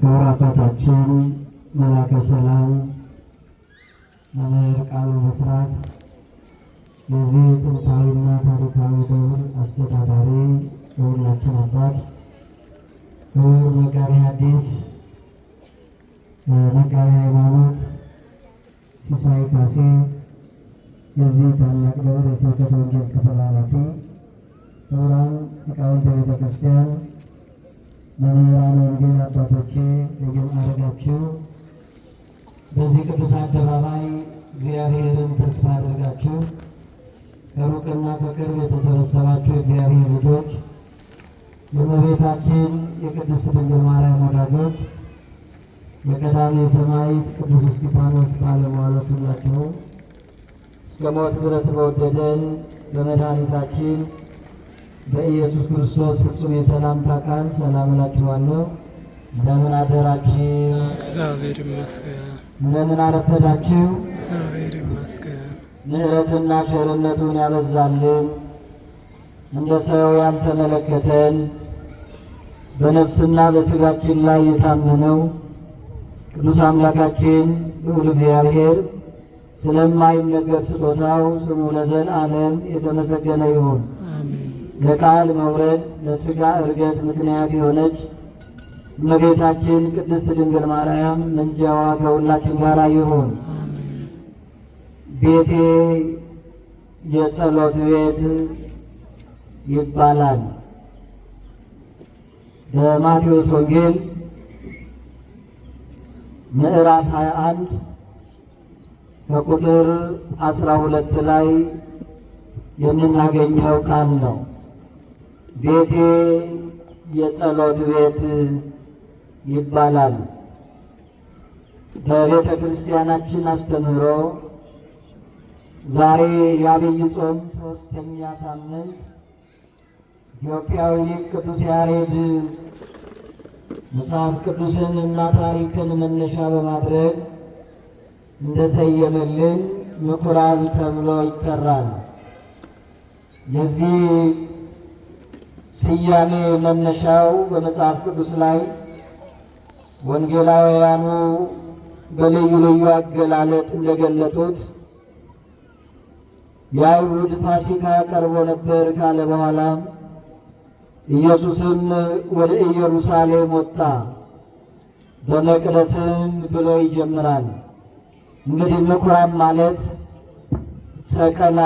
ክብር አባታችን መላከ ሰላም መምህር ቃሉ መስራት የዚህ ጥንታዊና ታሪካዊ ደብር አስተዳዳሪ የሁላችን አባት ክቡር መጋቢ ሐዲስ መጋቢ ሃይማኖት ሲሳይ ካሴ የዚህ ታላቅ ደብር የስብከተ ወንጌል ክፍል ኃላፊ፣ ክቡራን ሊቃውንተ ቤተክርስቲያን መምህራን ወንጌል አባቶቼ እንደምን አደራችሁ? በዚህ ቅዱስ አደባባይ እግዚአብሔርን ተስፋ አድርጋችሁ ከሩቅና ከቅርብ የተሰበሰባችሁ የእግዚአብሔር ልጆች የእመቤታችን የቅድስት ድንግል ማርያም ወዳጆች የቀዳሜ ሰማዕት ቅዱስ እስጢፋኖስ ባለሟሎች ሁላችሁም እስከ ሞት ድረስ በወደደን በመድኃኒታችን በኢየሱስ ክርስቶስ ፍጹም የሰላምታ ቃል ሰላም እላችኋለሁ። እንደምን አደራችሁ? እግዚአብሔር ይመስገን። እንደምን አረፈዳችሁ? እግዚአብሔር ይመስገን። ምሕረትና ቸርነቱን ያበዛልን እንደ ሰው ያልተመለከተን በነፍስና በስጋችን ላይ የታመነው ቅዱስ አምላካችን ልዑል እግዚአብሔር ስለማይነገር ስጦታው ስሙ አለም የተመሰገነ ይሁን። ለቃል መውረድ ለስጋ እርገት ምክንያት የሆነች እመቤታችን ቅድስት ድንግል ማርያም ምልጃዋ ከሁላችን ጋር ይሁን። ቤቴ የጸሎት ቤት ይባላል። በማቴዎስ ወንጌል ምዕራፍ 21 ከቁጥር 12 ላይ የምናገኘው ቃል ነው። ቤቴ የጸሎት ቤት ይባላል። በቤተ ክርስቲያናችን አስተምህሮ ዛሬ የአብይ ጾም ሶስተኛ ሳምንት ኢትዮጵያዊ ሊቅ ቅዱስ ያሬድ መጽሐፍ ቅዱስን እና ታሪክን መነሻ በማድረግ እንደሰየመልን ምኩራብ ተብሎ ይጠራል። የዚህ ስያሜ መነሻው በመጽሐፍ ቅዱስ ላይ ወንጌላውያኑ በልዩ ልዩ አገላለጥ እንደገለጡት የአይሁድ ፋሲካ ቀርቦ ነበር ካለ በኋላ ኢየሱስም ወደ ኢየሩሳሌም ወጣ በመቅደስም ብሎ ይጀምራል። እንግዲህ ምኩራብ ማለት ሰቀላ፣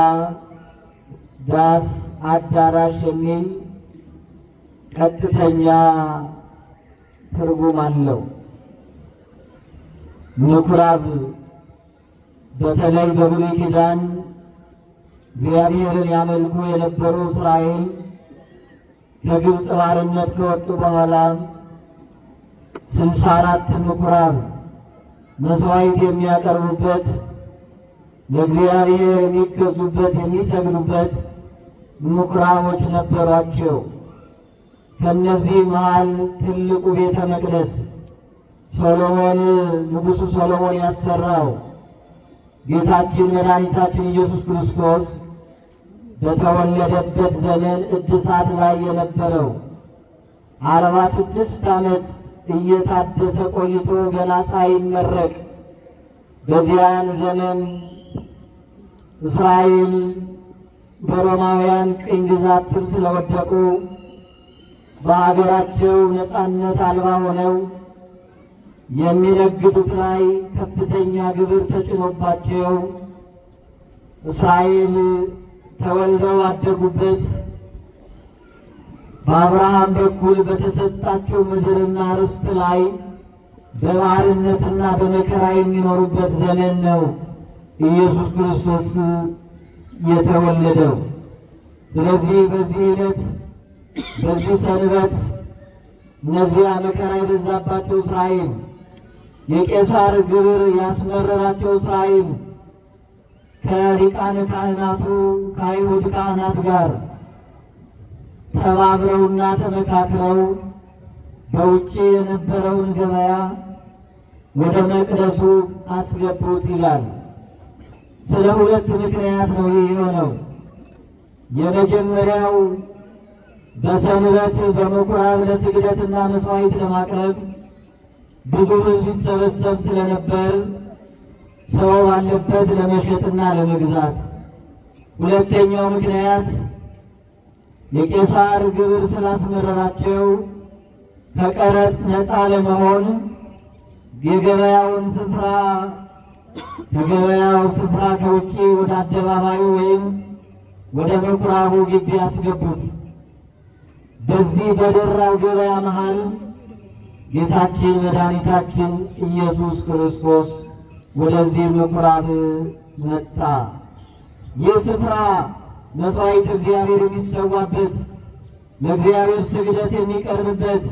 ዳስ፣ አዳራሽ የሚል ቀጥተኛ ትርጉም አለው። ምኩራብ በተለይ በብሉይ ኪዳን እግዚአብሔርን ያመልኩ የነበሩ እስራኤል ከግብፅ ባርነት ከወጡ በኋላ ስልሳ አራት ምኩራብ መስዋዕት የሚያቀርቡበት ለእግዚአብሔር የሚገዙበት የሚሰግዱበት ምኩራቦች ነበሯቸው። ከእነዚህ መሃል ትልቁ ቤተ መቅደስ ሰሎሞን ንጉሱ ሰሎሞን ያሰራው ጌታችን መድኃኒታችን ኢየሱስ ክርስቶስ በተወለደበት ዘመን እድሳት ላይ የነበረው አርባ ስድስት ዓመት እየታደሰ ቆይቶ ገና ሳይመረቅ በዚያን ዘመን እስራኤል በሮማውያን ቅኝ ግዛት ስር ስለወደቁ በአገራቸው ነፃነት አልባ ሆነው የሚነግዱት ላይ ከፍተኛ ግብር ተጭኖባቸው እስራኤል ተወልደው አደጉበት በአብርሃም በኩል በተሰጣቸው ምድርና ርስት ላይ በባርነትና በመከራ የሚኖሩበት ዘመን ነው ኢየሱስ ክርስቶስ የተወለደው። ስለዚህ በዚህ ዕለት በዚህ ሰንበት እነዚያ መከራ የበዛባቸው እስራኤል የቄሳር ግብር ያስመረራቸው እስራኤል ከሊቃነ ካህናቱ ከአይሁድ ካህናት ጋር ተባብረውና ተመካክረው በውጭ የነበረውን ገበያ ወደ መቅደሱ አስገቡት ይላል። ስለ ሁለት ምክንያት ነው ይህ የሆነው። የመጀመሪያው በሰንበት በምኩራብ ለስግደትና መስዋዕት ለማቅረብ ብዙ ሕዝብ ይሰበሰብ ስለነበር ሰው ባለበት ለመሸጥና ለመግዛት። ሁለተኛው ምክንያት የቄሳር ግብር ስላስመረራቸው ከቀረጥ ነፃ ለመሆን የገበያውን ስፍራ ከገበያው ስፍራ ከውጪ ወደ አደባባዩ ወይም ወደ ምኩራቡ ግቢ ያስገቡት። በዚህ በደራ ገበያ መሃል ጌታችን መድኃኒታችን ኢየሱስ ክርስቶስ ወደዚህ ምኩራብ መጣ። ይህ ስፍራ መሥዋዕት እግዚአብሔር የሚሰዋበት ለእግዚአብሔር ስግደት የሚቀርብበት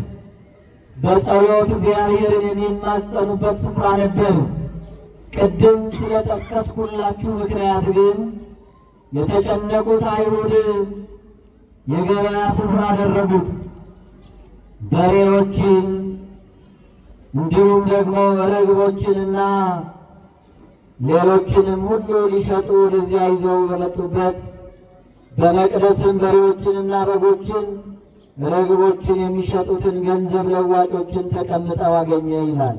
በጸሎት እግዚአብሔርን የሚማጸኑበት ስፍራ ነበር። ቅድም ስለጠቀስኩላችሁ ምክንያት ግን የተጨነቁት አይሁድ የገበያ ስፍራ አደረጉት። በሬዎችን እንዲሁም ደግሞ ርግቦችንና ሌሎችንም ሁሉ ሊሸጡ ወደዚያ ይዘው በመጡበት በመቅደስም በሬዎችንና በጎችን ርግቦችን የሚሸጡትን ገንዘብ ለዋጮችን ተቀምጠው አገኘ ይላል።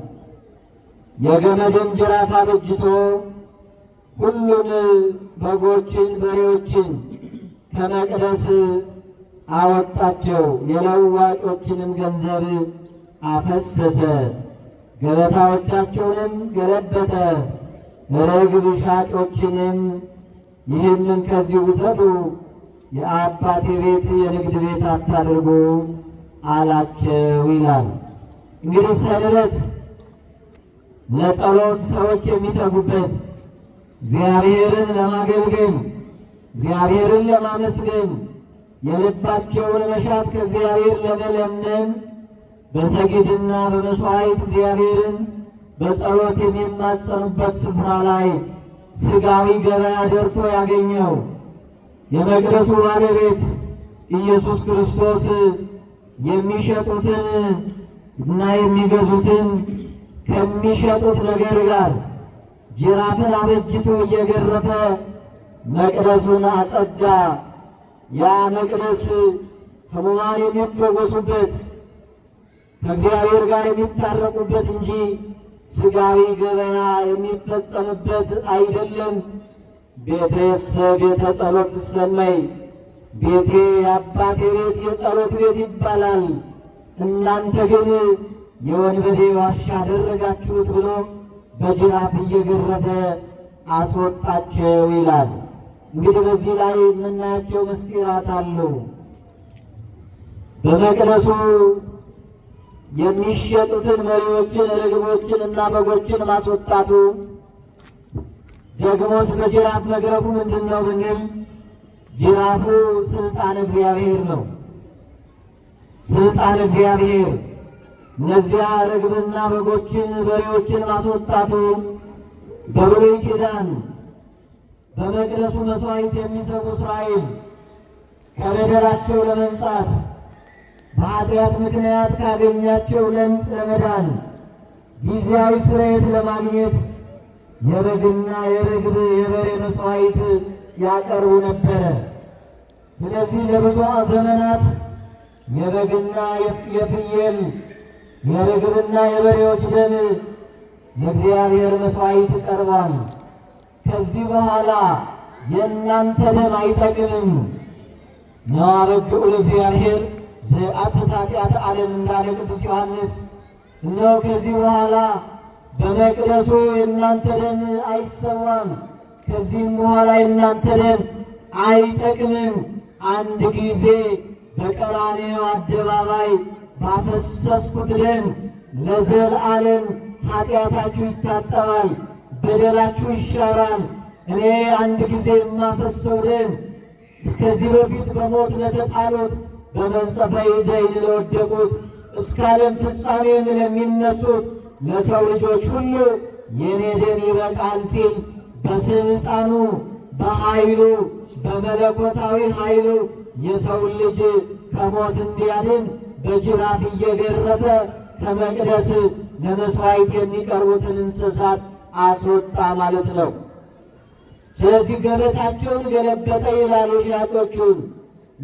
የገመድን ጅራፍ አበጅቶ ሁሉን በጎችን፣ በሬዎችን ከመቅደስ አወጣቸው። የለዋጮችንም ገንዘብ አፈሰሰ፣ ገበታዎቻቸውንም ገለበጠ። ርግብ ሻጮችንም ይህንን ከዚህ ውሰዱ፣ የአባቴ ቤት የንግድ ቤት አታድርጉ አላቸው ይላል። እንግዲህ ሰንበት ለጸሎት ሰዎች የሚጠጉበት እግዚአብሔርን ለማገልገል እግዚአብሔርን ለማመስገን የልባቸውን መሻት ከእግዚአብሔር ለመለመን በሰግድና በመስዋዕት እግዚአብሔርን በጸሎት የሚማጸኑበት ስፍራ ላይ ስጋዊ ገበያ ደርቶ ያገኘው የመቅደሱ ባለቤት ኢየሱስ ክርስቶስ የሚሸጡትን እና የሚገዙትን ከሚሸጡት ነገር ጋር ጅራፍን አበጅቶ እየገረፈ መቅደሱን አጸዳ። ያ መቅደስ ሕሙማን የሚፈወሱበት ከእግዚአብሔር ጋር የሚታረቁበት እንጂ ስጋዊ ገበና የሚፈጸምበት አይደለም። ቤቴሰ ቤተ ጸሎት ትሰማይ ቤቴ የአባቴ ቤት የጸሎት ቤት ይባላል፣ እናንተ ግን የወንበዴ ዋሻ አደረጋችሁት ብሎ በጅራፍ እየገረፈ አስወጣቸው ይላል። እንግዲህ በዚህ ላይ የምናያቸው ምስጢራት አሉ። በመቅደሱ የሚሸጡትን መሪዎችን፣ ርግቦችን እና በጎችን ማስወጣቱ ደግሞስ በጅራፍ መግረፉ ምንድን ነው ብንል ጅራፉ ስልጣን እግዚአብሔር ነው። ስልጣን እግዚአብሔር እነዚያ ርግብና በጎችን በሬዎችን ማስወጣቱ በብሉይ ኪዳን በመቅደሱ መስዋዕት የሚሰቡ እስራኤል ከበደላቸው ለመንጻት በኃጢአት ምክንያት ካገኛቸው ለምጽ ለመዳን ጊዜያዊ ስርየት ለማግኘት የበግና የርግብ የበሬ መስዋዕት ያቀርቡ ነበረ። ስለዚህ ለብዙ ዘመናት የበግና የፍየል የርግብና የበሬዎች ደም የእግዚአብሔር መስዋዕት ቀርቧል። ከዚህ በኋላ የእናንተ ደም አይጠቅምም። ነዋረግ እግዚአብሔር ዘአተ ኃጢአተ ዓለም እንዳለ ቅዱስ ዮሐንስ እነሆ ከዚህ በኋላ በመቅደሱ የእናንተ ደም አይሰዋም። ከዚህም በኋላ የእናንተ ደም አይጠቅምም። አንድ ጊዜ በቀራንዮ አደባባይ ባፈሰስኩት ደም ለዘላለም ኃጢአታችሁ ይታጠባል። በደላችሁ ይሻራል። እኔ አንድ ጊዜ የማፈሰው ደም እስከዚህ በፊት በሞት ለተጣሉት በመንጸፈይ ደይን ለወደቁት እስከ ዓለም ፍጻሜም ለሚነሱት ለሰው ልጆች ሁሉ የእኔ ደም ይበቃል ሲል በስልጣኑ በኃይሉ በመለኮታዊ ኃይሉ የሰው ልጅ ከሞት እንዲያድን በጅራፍ እየገረፈ ከመቅደስ ለመሥዋዕት የሚቀርቡትን እንስሳት አስወጣ ማለት ነው። ስለዚህ ገበታቸውን ገለበጠ ይላሉ ሻጮቹን።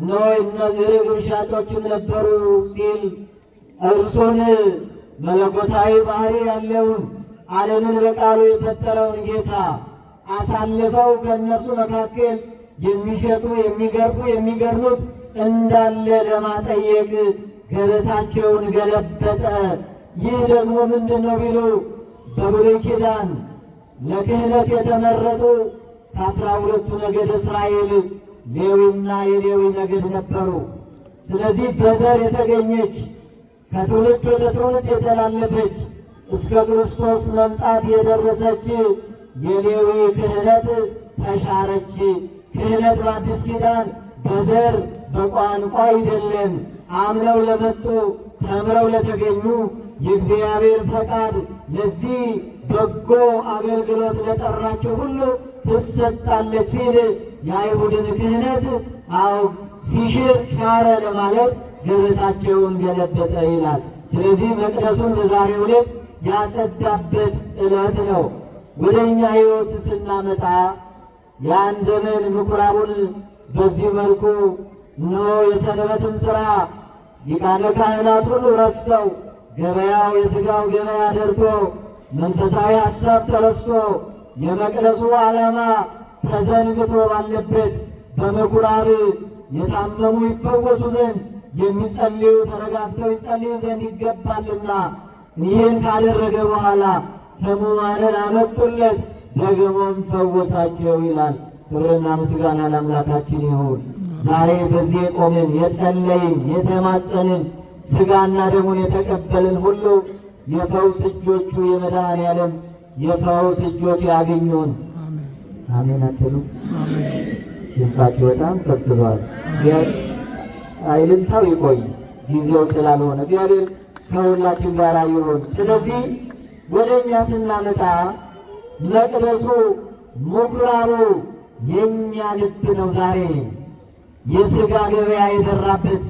ኖ እነዚህ ርግብ ሻጮችም ነበሩ ሲል እርሱን መለኮታዊ ባህሪ ያለውን ዓለምን በቃሉ የፈጠረውን ጌታ አሳልፈው ከእነርሱ መካከል የሚሸጡ የሚገርፉ፣ የሚገርሙት እንዳለ ለማጠየቅ ገበታቸውን ገለበጠ። ይህ ደግሞ ምንድን ነው ቢሉ በብሉይ ኪዳን ለክህነት የተመረጡ ከአስራ ሁለቱ ነገድ እስራኤል ሌዊና የሌዊ ነገድ ነበሩ። ስለዚህ በዘር የተገኘች ከትውልድ ወደ ትውልድ የተላለፈች እስከ ክርስቶስ መምጣት የደረሰች የሌዊ ክህነት ተሻረች። ክህነት በአዲስ ኪዳን በዘር በቋንቋ አይደለም፣ አምነው ለመጡ ተምረው ለተገኙ የእግዚአብሔር ፈቃድ ለዚህ በጎ አገልግሎት ለጠራቸው ሁሉ ትሰጣለች ሲል የአይሁድን ክህነት አው ሲሽር ሻረ ለማለት ገበታቸውን ገለበጠ ይላል። ስለዚህ መቅደሱን በዛሬው ዕለት ያጸዳበት ዕለት ነው። ወደ እኛ ሕይወት ስናመጣ ያን ዘመን ምኩራቡን በዚህ መልኩ ኖ የሰንበትን ሥራ ሊቃነ ካህናት ሁሉ ረስተው ገበያው የሥጋው ገበያ ደርቶ መንፈሳዊ ሐሳብ ተረስቶ የመቅደሱ ዓላማ ተዘንግቶ ባለበት በምኵራብ የታመሙ ይፈወሱ ዘንድ የሚጸልዩ ተረጋግተው ይጸልዩ ዘንድ ይገባልና ይህን ካደረገ በኋላ ሕሙማንን አመጡለት፣ ደግሞም ፈወሳቸው ይላል። ክብርና ምስጋና ለአምላካችን ይሁን። ዛሬ በዚህ የቆምን የጸለይን የተማጸንን ሥጋና ደሙን የተቀበልን ሁሉ የፈውስ እጆቹ የመድኃኔ ዓለም የፈውስ እጆቹ ያገኙን። አሜን አትሉ? ድምፃቸው በጣም ቀዝቅዘዋል። አይልምታው ይቆይ ጊዜው ስላልሆነ እግዚአብሔር ከሁላችን ጋር ይሁን። ስለዚህ ወደ እኛ ስናመጣ መቅደሱ ምኩራቡ የእኛ ልብ ነው። ዛሬ የሥጋ ገበያ የደራበት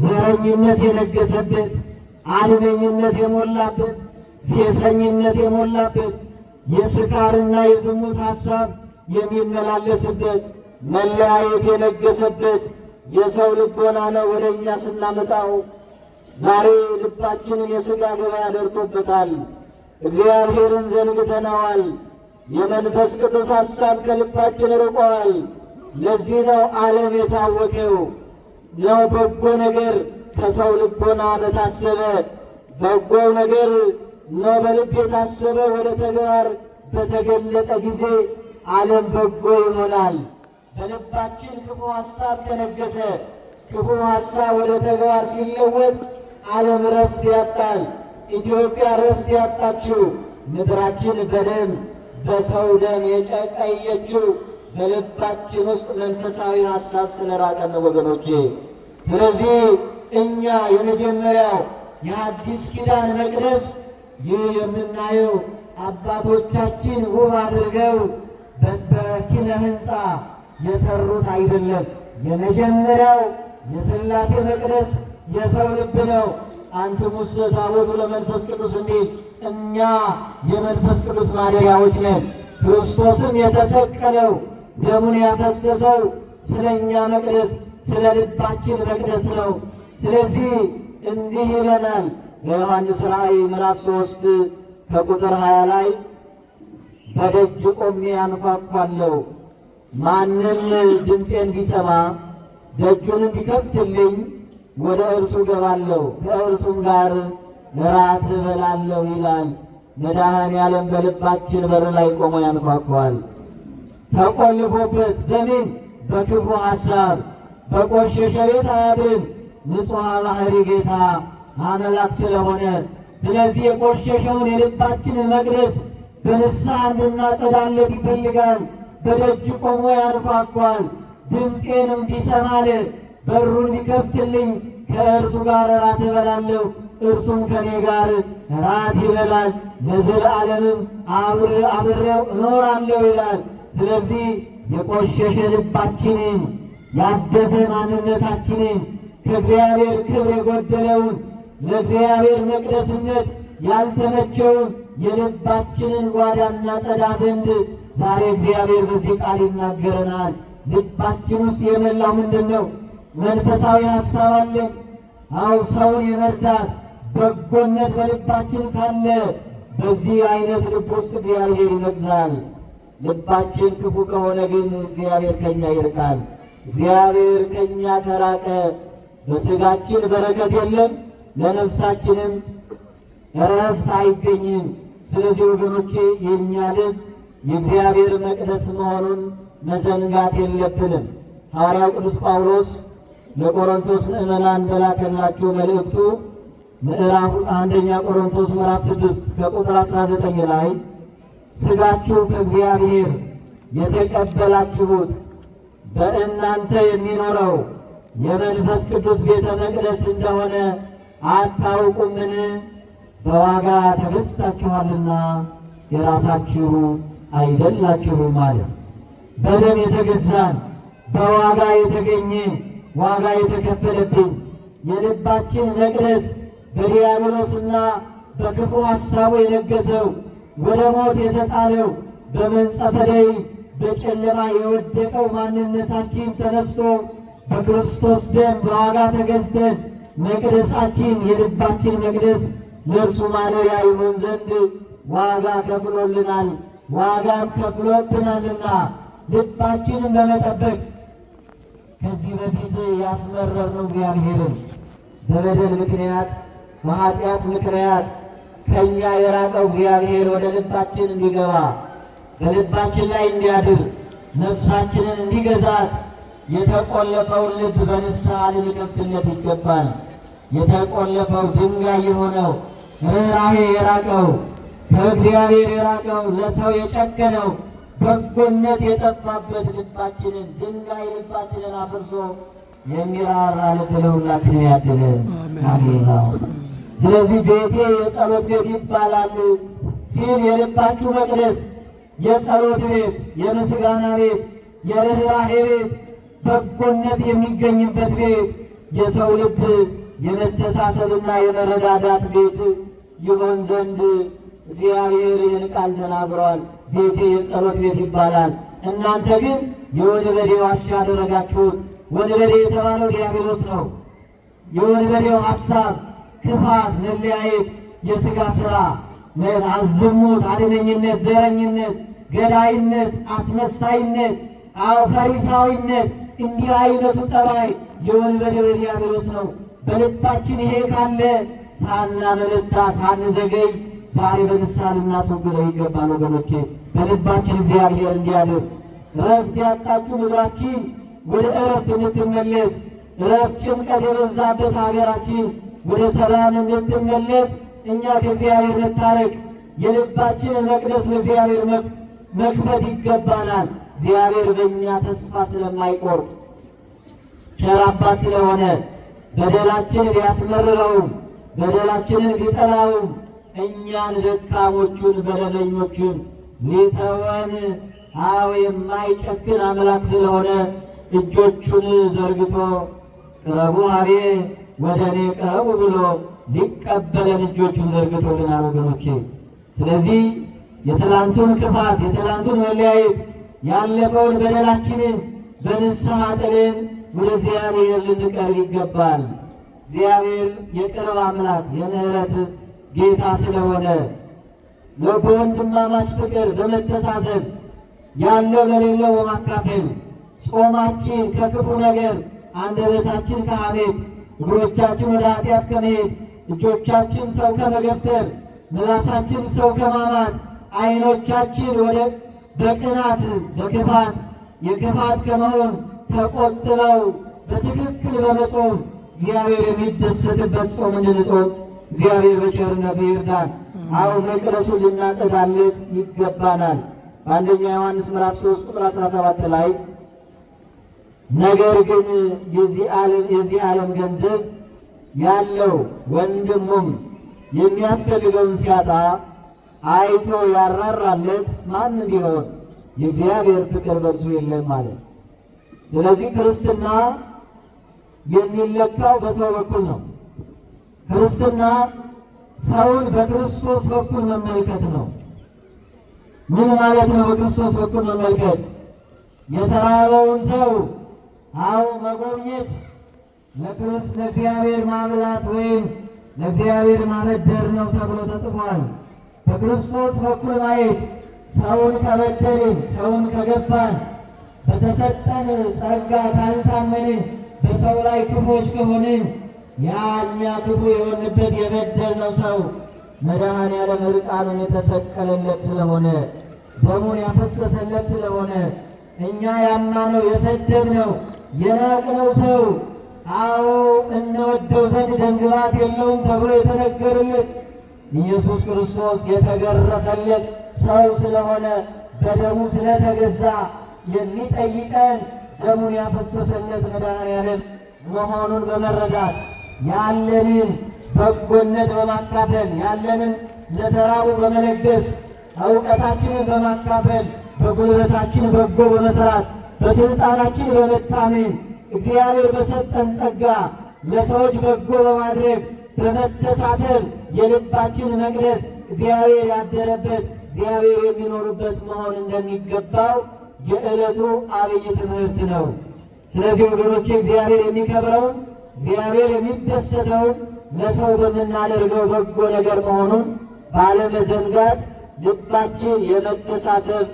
ዘረኝነት የነገሰበት አልበኝነት የሞላበት ሴሰኝነት የሞላበት የስካርና የዝሙት ሐሳብ የሚመላለስበት መለያየት የነገሰበት የሰው ልቦና ነው። ወደ እኛ ስናመጣው ዛሬ ልባችንን የሥጋ ገበያ ደርቶበታል። እግዚአብሔርን ዘንግተነዋል። የመንፈስ ቅዱስ ሐሳብ ከልባችን ርቀዋል። ለዚህ ነው ዓለም የታወቀው። ያው በጎ ነገር ከሰው ልቦና በታሰበ በጎ ነገር ነው በልብ የታሰበ ወደ ተግባር በተገለጠ ጊዜ ዓለም በጎ ይሆናል። በልባችን ክፉ ሐሳብ ተነገሰ። ክፉ ሐሳብ ወደ ተግባር ሲለወጥ ዓለም ረፍት ያጣል። ኢትዮጵያ ረፍት ያጣችው ምድራችን በደም በሰው ደም የጨቀየችው በልባችን ውስጥ መንፈሳዊ ሀሳብ ስለራቀ ነው ወገኖቼ። ስለዚህ እኛ የመጀመሪያው የአዲስ ኪዳን መቅደስ ይህ የምናየው አባቶቻችን ውብ አድርገው በኪነ ህንፃ የሰሩት አይደለም። የመጀመሪያው የስላሴ መቅደስ የሰው ልብ ነው። አንተ ሙሴ ታቦቱ ለመንፈስ ቅዱስ እንዲል እኛ የመንፈስ ቅዱስ ማደሪያዎች ነን። ክርስቶስም የተሰቀለው ደሙን ያፈሰሰው ስለ እኛ መቅደስ፣ ስለ ልባችን መቅደስ ነው። ስለዚህ እንዲህ ይለናል በዮሐንስ ራእይ ምዕራፍ ሶስት ከቁጥር ሀያ ላይ በደጅ ቆሜ ያንኳኳለሁ ማንም ድምፄን ቢሰማ ደጁንም ቢከፍትልኝ ወደ እርሱ ገባለሁ ከእርሱም ጋር እራት እበላለሁ ይላል። መድኃኔ ያለም በልባችን በር ላይ ቆሞ ያንኳኳል። ተቆልፎበት በምን በክፉ ሐሳብ በቆሸሸ ቤት አያድርም። ንጹሐ ባህሪ ጌታ አምላክ ስለሆነ ስለዚህ የቆሸሸውን የልባችንን መቅደስ በንስሐ እንድናጸዳለት ይፈልጋል። በደጅ ቆሞ ያንኳኳል። ድምፄን እንዲሰማል በሩን ይከፍትልኝ፣ ከእርሱ ጋር ራት እበላለሁ፣ እርሱም ከኔ ጋር ራት ይበላል፣ ለዘላለምም አብሬው እኖራለሁ ይላል። ስለዚህ የቆሸሸ ልባችንን ያደፈ ማንነታችንን ከእግዚአብሔር ክብር የጎደለውን ለእግዚአብሔር መቅደስነት ያልተመቸውን የልባችንን ጓዳ እናጸዳ ዘንድ ዛሬ እግዚአብሔር በዚህ ቃል ይናገረናል። ልባችን ውስጥ የመላው ምንድን ነው? መንፈሳዊ ሐሳብ አለን። አው ሰውን የመርዳት በጎነት በልባችን ካለ በዚህ አይነት ልብ ውስጥ እግዚአብሔር ይነግዛል። ልባችን ክፉ ከሆነ ግን እግዚአብሔር ከኛ ይርቃል። እግዚአብሔር ከኛ ከራቀ በስጋችን በረከት የለም፣ ለነፍሳችንም እረፍት አይገኝም። ስለዚህ ወገኖቼ የእኛ ልብ የእግዚአብሔር መቅደስ መሆኑን መዘንጋት የለብንም። ሐዋርያው ቅዱስ ጳውሎስ ለቆሮንቶስ ምዕመናን በላከላቸው መልእክቱ ምዕራፍ አንደኛ ቆሮንቶስ ምዕራፍ ስድስት ከቁጥር አስራ ዘጠኝ ላይ ስጋችሁ ከእግዚአብሔር የተቀበላችሁት በእናንተ የሚኖረው የመንፈስ ቅዱስ ቤተ መቅደስ እንደሆነ አታውቁምን? በዋጋ ተገዝታችኋልና የራሳችሁ አይደላችሁም ማለት በደም የተገዛን በዋጋ የተገኘ ዋጋ የተከፈለብኝ የልባችን መቅደስ በዲያብሎስና በክፉ ሐሳቡ የነገሰው ወደ ሞት የተጣለው ላይ በጨለማ የወደቀው ማንነታችን ተነስቶ በክርስቶስ ደም በዋጋ ተገዝተን መቅደሳችን የልባችን መቅደስ ለእርሱ ማደሪያ ይሆን ዘንድ ዋጋ ከፍሎልናል። ዋጋም ከፍሎብናልና ልባችንን በመጠበቅ ከዚህ በፊት ያስመረርነው እግዚአብሔርን በበደል ምክንያት በኃጢአት ምክንያት ከኛ የራቀው እግዚአብሔር ወደ ልባችን እንዲገባ በልባችን ላይ እንዲያድር ነፍሳችንን እንዲገዛት የተቆለፈውን ልብ በንስሐ ልንከፍትለት ይገባል። የተቆለፈው ድንጋይ የሆነው ርኅራኄ የራቀው ከእግዚአብሔር የራቀው ለሰው የጨከነው በጎነት የጠፋበት ልባችንን ድንጋይ ልባችንን አፍርሶ የሚራራ ልብ ለሁላችን ያድለን። አሜን። ስለዚህ ቤቴ የጸሎት ቤት ይባላል ሲል የልባችሁ መቅደስ የጸሎት ቤት፣ የምስጋና ቤት፣ የርኅራሄ ቤት፣ በጎነት የሚገኝበት ቤት፣ የሰው ልብ የመተሳሰብና የመረዳዳት ቤት ይሆን ዘንድ እግዚአብሔር ይህን ቃል ተናግሯል። ቤቴ የጸሎት ቤት ይባላል፣ እናንተ ግን የወንበዴ ዋሻ አደረጋችሁት። ወንበዴ የተባለው ዲያብሎስ ነው። የወንበዴው ሀሳብ! ክፋት፣ መለያየት፣ የስጋ ስራ አዝሙት፣ አድመኝነት፣ ዘረኝነት፣ ገዳይነት፣ አስመሳይነት፣ ፈሪሳዊነት እንዲህ አይነቱ ጠባይ የወንበዴው ዲያብሎስ ነው። በልባችን ይሄ ካለ ሳናመነታ ሳንዘገይ ዛሬ በንስሐ ልናስወግደው ይገባል። ወገኖቼ በልባችን እግዚአብሔር እንዲያድር ረፍት ያጣችው ምድራችን ወደ እረፍት የምትመለስ ረፍት ጭንቀት የበዛበት ሀገራችን ወደ ሰላም እንድትመለስ እኛ ከእግዚአብሔር መታረቅ የልባችንን መቅደስ ለእግዚአብሔር መክፈት ይገባናል። እግዚአብሔር በእኛ ተስፋ ስለማይቆርጥ ቸር አባት ስለሆነ በደላችን ቢያስመርረውም በደላችንን ቢጠላውም እኛን ደካሞቹን በደለኞቹን ሊተወን አዎ የማይጨክን አምላክ ስለሆነ እጆቹን ዘርግቶ ቅረቡ አቤ ወደ እኔ ቀረቡ ብሎ ሊቀበለ ልጆቹን ዘርግቶልናል ወገኖቼ። ስለዚህ የትላንቱን ክፋት፣ የትላንቱን መለያየት፣ ያለፈውን በደላችንን በንስሐ ጥለን ወደ እግዚአብሔር ልንቀርብ ይገባል። እግዚአብሔር የቅርብ አምላክ የምሕረት ጌታ ስለሆነ በወንድማማች ፍቅር በመተሳሰብ ያለው ለሌለው በማካፈል ጾማችን ከክፉ ነገር አንደበታችን ከሐሜት እግሮቻችን ወደ ኃጢአት ከመሄድ፣ እጆቻችን ሰው ከመገፍተር፣ ምላሳችን ሰው ከማማት፣ አይኖቻችን ወደ በቅናት በክፋት የክፋት ከመሆን ተቆጥለው በትክክል በመጾም እግዚአብሔር የሚደሰትበት ጾም እንድንጾም እግዚአብሔር በቸርነቱ ይርዳን። አዎ መቅደሱ ልናጸዳለት ይገባናል። በአንደኛ ዮሐንስ ምዕራፍ 3 ቁጥር 17 ላይ ነገር ግን የዚህ ዓለም ገንዘብ ያለው ወንድሙም የሚያስፈልገውን ሲያጣ አይቶ ያራራለት ማን ቢሆን የእግዚአብሔር ፍቅር በብዙ የለም ማለት። ስለዚህ ክርስትና የሚለካው በሰው በኩል ነው። ክርስትና ሰውን በክርስቶስ በኩል መመልከት ነው። ምን ማለት ነው? በክርስቶስ በኩል መመልከት የተራበውን ሰው አዎ መጎብኘት ለክርስ ለእግዚአብሔር ማብላት ወይም ለእግዚአብሔር ማበደር ነው ተብሎ ተጽፏል። በክርስቶስ በኩል ማየት ሰውን ከበደልን፣ ሰውን ከገባን በተሰጠን ጸጋ ካልታመንን፣ በሰው ላይ ክፎች ከሆንን ያ እኛ ክፉ የሆንበት የበደልነው ሰው መድኃኔዓለም ዕርቃኑን የተሰቀለለት ስለሆነ ደሙን ያፈሰሰለት ስለሆነ እኛ ያማነው የሰደብነው የራቅነው ሰው አዎ እንወደው ዘንድ ደንግባት የለውም ተብሎ የተነገረለት ኢየሱስ ክርስቶስ የተገረፈለት ሰው ስለሆነ በደሙ ስለተገዛ የሚጠይቀን ደሙን ያፈሰሰለት መድኃኔዓለም መሆኑን በመረዳት ያለንን በጎነት በማካፈል ያለንን ለተራቡ በመለገስ እውቀታችንን በማካፈል በጉልበታችን በጎ በመስራት በስልጣናችን በመታመን እግዚአብሔር በሰጠን ጸጋ ለሰዎች በጎ በማድረግ በመተሳሰብ የልባችን መቅደስ እግዚአብሔር ያደረበት እግዚአብሔር የሚኖርበት መሆን እንደሚገባው የዕለቱ አብይ ትምህርት ነው። ስለዚህ ወገኖች እግዚአብሔር የሚከብረውን እግዚአብሔር የሚደሰተውን ለሰው በምናደርገው በጎ ነገር መሆኑን ባለመዘንጋት ልባችን የመተሳሰብ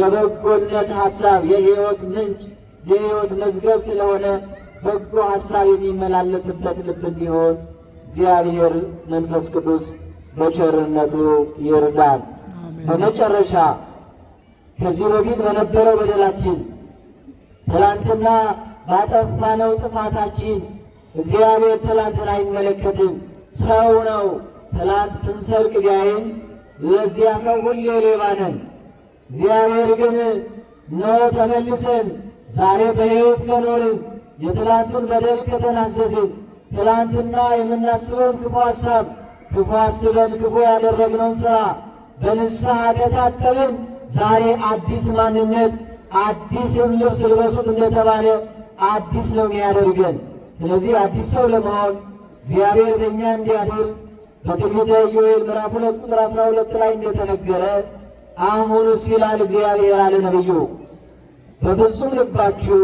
የበጎነት ሐሳብ የሕይወት ምንጭ የሕይወት መዝገብ ስለሆነ በጎ ሐሳብ የሚመላለስበት ልብ እንዲሆን እግዚአብሔር መንፈስ ቅዱስ በቸርነቱ ይርዳል። በመጨረሻ ከዚህ በፊት በነበረው በደላችን ትላንትና ባጠፋነው ጥፋታችን እግዚአብሔር ትላንትን አይመለከትም። ሰው ነው። ትላንት ስንሰርቅ ቢያይን ለዚያ ሰው ሁሌ ሌባ ነን። እግዚአብሔር ግን ነው ተመልሰን ዛሬ በሕይወት ከኖርን የትላንቱን በደል ከተናዘዝን ትላንትና የምናስበውን ክፉ ሐሳብ ክፉ አስበን ክፉ ያደረግነውን ሥራ በንስሐ ከታጠብን ዛሬ አዲስ ማንነት አዲስ ልብስ ልበሱት እንደተባለ አዲስ ነው የሚያደርገን። ስለዚህ አዲስ ሰው ለመሆን እግዚአብሔር በእኛ እንዲያድር በትንቢተ ኢዮኤል ምዕራፍ ሁለት ቁጥር አስራ ሁለት ላይ እንደተነገረ አሁን ይላል እግዚአብሔር አለ ነብዩ፣ በፍጹም ልባችሁ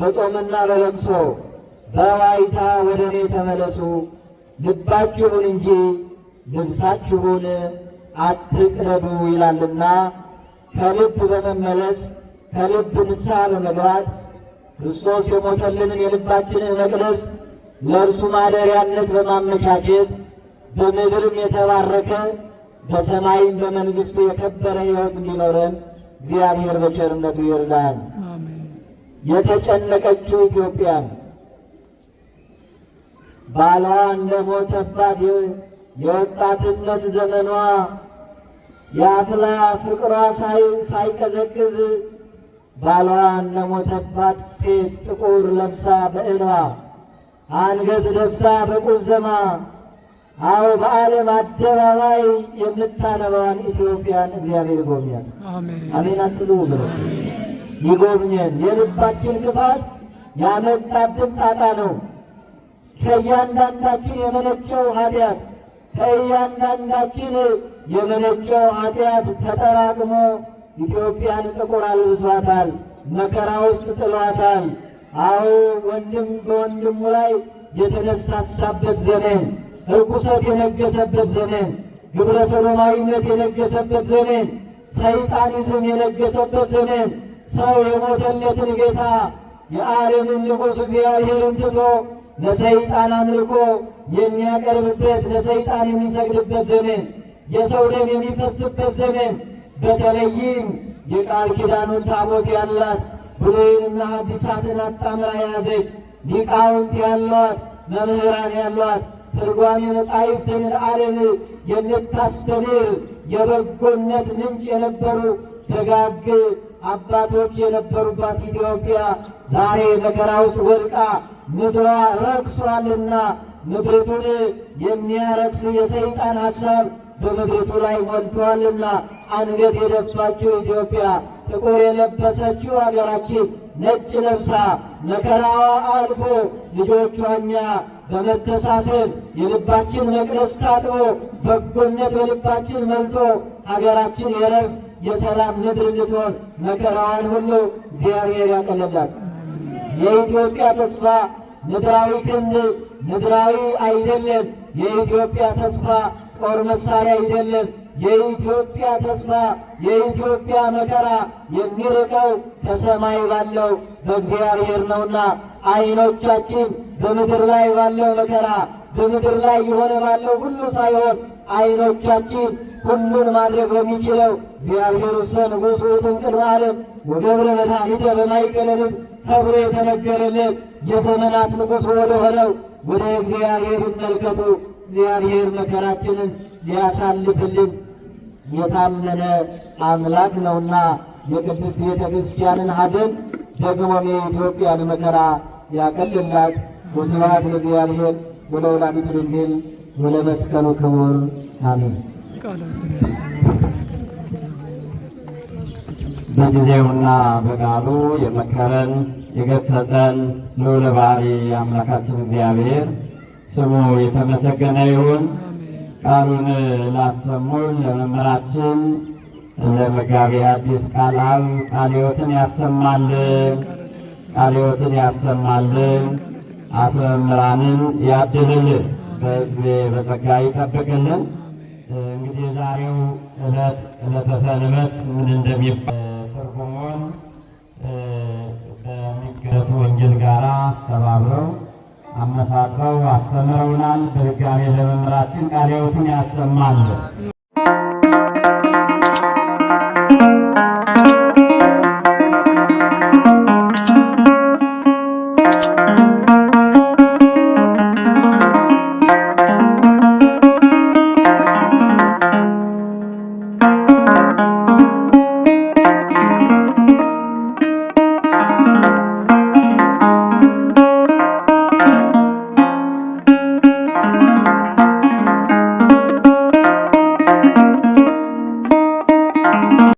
በጾምና በለቅሶ በዋይታ ወደ እኔ ተመለሱ፣ ልባችሁን እንጂ ልብሳችሁን አትቅረቡ ይላልና ከልብ በመመለስ ከልብ ንስሐ በመግባት ክርስቶስ የሞተልንን የልባችንን መቅደስ ለእርሱ ማደሪያነት በማመቻቸት በምድርም የተባረከ በሰማይም በመንግስቱ የከበረ ህይወት እንዲኖረን እግዚአብሔር በቸርነቱ ይርዳን። የተጨነቀችው ኢትዮጵያን ባሏ እንደሞተባት የወጣትነት ዘመኗ የአፍላ ፍቅሯ ሳይቀዘቅዝ ባሏ እንደሞተባት ሴት ጥቁር ለብሳ በእድባ አንገት ደፍታ በቁዘማ አዎ በዓለም አደባባይ የምታነባዋን ኢትዮጵያን እግዚአብሔር ይጎብኛል። አሜን አትሉ ብሎ ይጎብኘን። የልባችን ክፋት ያመጣብን ጣጣ ነው። ከእያንዳንዳችን የመነጨው ኃጢአት ከእያንዳንዳችን የመነጨው ኃጢአት ተጠራቅሞ ኢትዮጵያን ጥቁር አልብሷታል፣ መከራ ውስጥ ጥሏታል። አዎ ወንድም በወንድሙ ላይ የተነሳሳበት ዘመን ርኩሰት የነገሰበት ዘመን፣ ግብረ ሰዶማዊነት የነገሰበት ዘመን፣ ሰይጣኒዝም የነገሰበት ዘመን ሰው የሞተለትን ጌታ የዓለምን ንጉሥ እግዚአብሔርን ትቶ ለሰይጣን አምልኮ የሚያቀርብበት ለሰይጣን የሚሰግድበት ዘመን፣ የሰው ደም የሚፈስበት ዘመን በተለይም የቃል ኪዳኑን ታቦት ያላት ብሉይንና ሐዲሳትን አጣምራ የያዘች ሊቃውንት ያሏት መምህራን ያሏት ትርጓሜ መጻሕፍትን አለም የምታስተምር የበጎነት ምንጭ የነበሩ ደጋግ አባቶች የነበሩባት ኢትዮጵያ ዛሬ መከራ ውስጥ ወድቃ ምድሯ ረክሷልና ምድሪቱን የሚያረክስ የሰይጣን ሐሳብ በምድሪቱ ላይ ሞልተዋልና አንገት የደፋችው ኢትዮጵያ ጥቁር የለበሰችው አገራችን ነጭ ለብሳ መከራዋ አልፎ ልጆቿኛ በመተሳሰብ የልባችን መቅደስ ታጥቦ በጎነት በልባችን መልቶ ሀገራችን የረፍ የሰላም ምድር እንድትሆን መከራዋን ሁሉ እግዚአብሔር ያቀለላት። የኢትዮጵያ ተስፋ ምድራዊ ክንድ ምድራዊ አይደለም። የኢትዮጵያ ተስፋ ጦር መሳሪያ አይደለም። የኢትዮጵያ ተስፋ የኢትዮጵያ መከራ የሚርቀው ከሰማይ ባለው በእግዚአብሔር ነውና ዓይኖቻችን በምድር ላይ ባለው መከራ በምድር ላይ የሆነ ባለው ሁሉ ሳይሆን ዓይኖቻችን ሁሉን ማድረግ በሚችለው እግዚአብሔር ውሰ ንጉሥ ውእቱ ቅድመ ዓለም ወገብረ መድኃኒተ በማይቀለልም ተብሎ የተነገረለት የዘመናት ንጉሥ ወደ ሆነው ወደ እግዚአብሔር ይመልከቱ። እግዚአብሔር መከራችንን ሊያሳልፍልን የታመነ አምላክ ነውና የቅድስት ቤተ ክርስቲያንን ሐዘን ደግሞም የኢትዮጵያን መከራ ያቀልላት። ወስብሐት ለእግዚአብሔር ወለወላዲቱ ድንግል ወለመስቀሉ ክቡር አሜን። በጊዜውና በቃሉ የመከረን የገሰጠን ልዑለ ባሕርይ አምላካችን እግዚአብሔር ስሙ የተመሰገነ ይሁን። ቃሉን ላሰሙን ለመምህራችን ለመጋቢ አዲስ ቃል አብ ያሰማልን፣ ቃለ ያሰማልን፣ አስመምህራንን ያድልልን፣ በሕዝብ በጸጋ ይጠብቅልን። እንግዲህ ዛሬው ዕለት ዕለተ ሰንበት ምን እንደሚባል ትርጉሙን በሚገቱ ወንጌል ጋራ ተባብረው አመሳጥረው አስተምረውናል። በድጋሜ ለመምህራችን ቃለ ሕይወቱን ያሰማል።